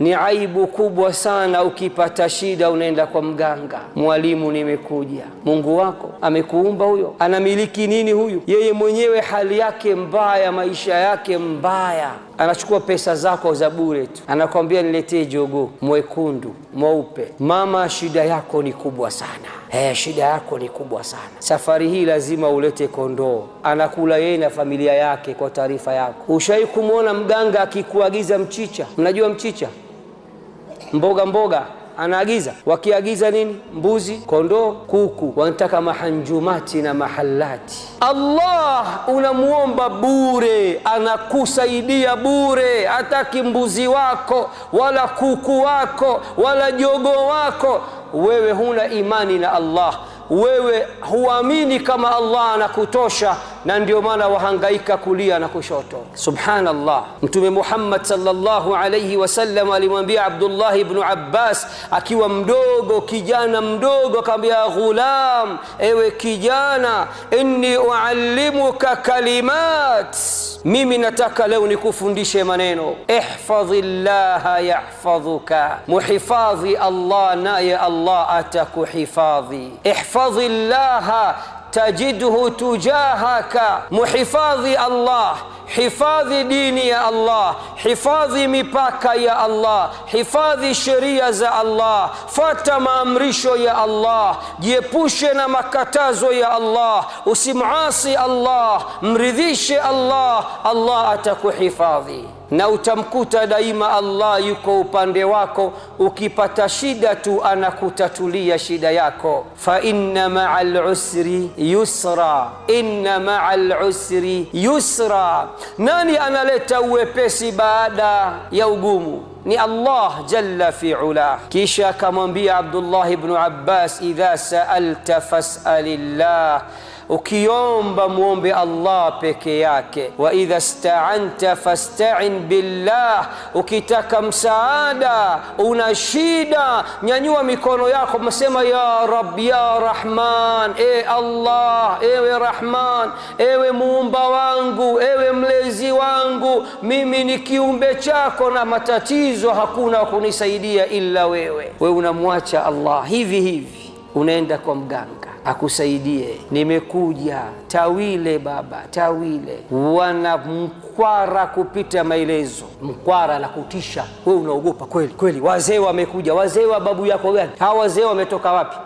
Ni aibu kubwa sana ukipata shida unaenda kwa mganga, mwalimu, nimekuja. Mungu wako amekuumba huyo? Anamiliki nini huyu? Yeye mwenyewe hali yake mbaya, maisha yake mbaya, anachukua pesa zako za bure tu, anakwambia niletee jogo mwekundu mweupe. Mama, shida yako ni kubwa sana. He, eh, shida yako ni kubwa sana. Safari hii lazima ulete kondoo. Anakula yeye na familia yake. Kwa taarifa yako, ushawahi kumwona mganga akikuagiza mchicha? Mnajua mchicha mboga mboga anaagiza wakiagiza nini? Mbuzi, kondoo, kuku, wanataka mahanjumati na mahalati. Allah unamwomba bure, anakusaidia bure. Hataki mbuzi wako wala kuku wako wala jogo wako. Wewe huna imani na Allah, wewe huamini kama Allah anakutosha na ndio maana wahangaika kulia na kushoto. Subhanallah, Mtume Muhammad sallallahu alayhi wasallam alimwambia Abdullah ibn Abbas akiwa mdogo, kijana mdogo, akamwambia ghulam, ewe kijana, inni uallimuka kalimat, mimi nataka leo nikufundishe maneno. Ihfadhi llaha yahfadhuka, muhifadhi Allah naye Allah atakuhifadhi. Ihfadhi tajidhu tujahaka, muhifadhi Allah, hifadhi dini ya Allah, hifadhi mipaka ya Allah, hifadhi sheria za Allah, fata maamrisho ya Allah, jiepushe na makatazo ya Allah, usimasi Allah, mridhishe Allah, Allah atakuhifadhi na utamkuta daima Allah yuko upande wako. Ukipata shida tu anakutatulia shida yako, fa inna ma'al usri yusra, inna ma'al usri yusra. Nani analeta uwepesi baada ya ugumu? ni Allah jalla fi ula. Kisha akamwambia Abdullah ibn Abbas, idha sa'alta fas'alillah ukiomba muombe Allah peke yake. Wa idha staanta fasta'in billah, ukitaka msaada, una shida, nyanyua mikono yako, msema ya Rabb, ya Rahman, e Allah, ewe Rahman, ewe muumba wangu, ewe mlezi wangu, mimi ni kiumbe chako na matatizo hakuna wa kunisaidia illa wewe. Wewe unamwacha Allah hivi hivi unaenda kwa mganga akusaidie, nimekuja tawile baba tawile. Wana mkwara kupita maelezo, mkwara la kutisha. We unaogopa kweli kweli? Wazee wamekuja, wazee wa babu yako gani? Hawa wazee wametoka wapi?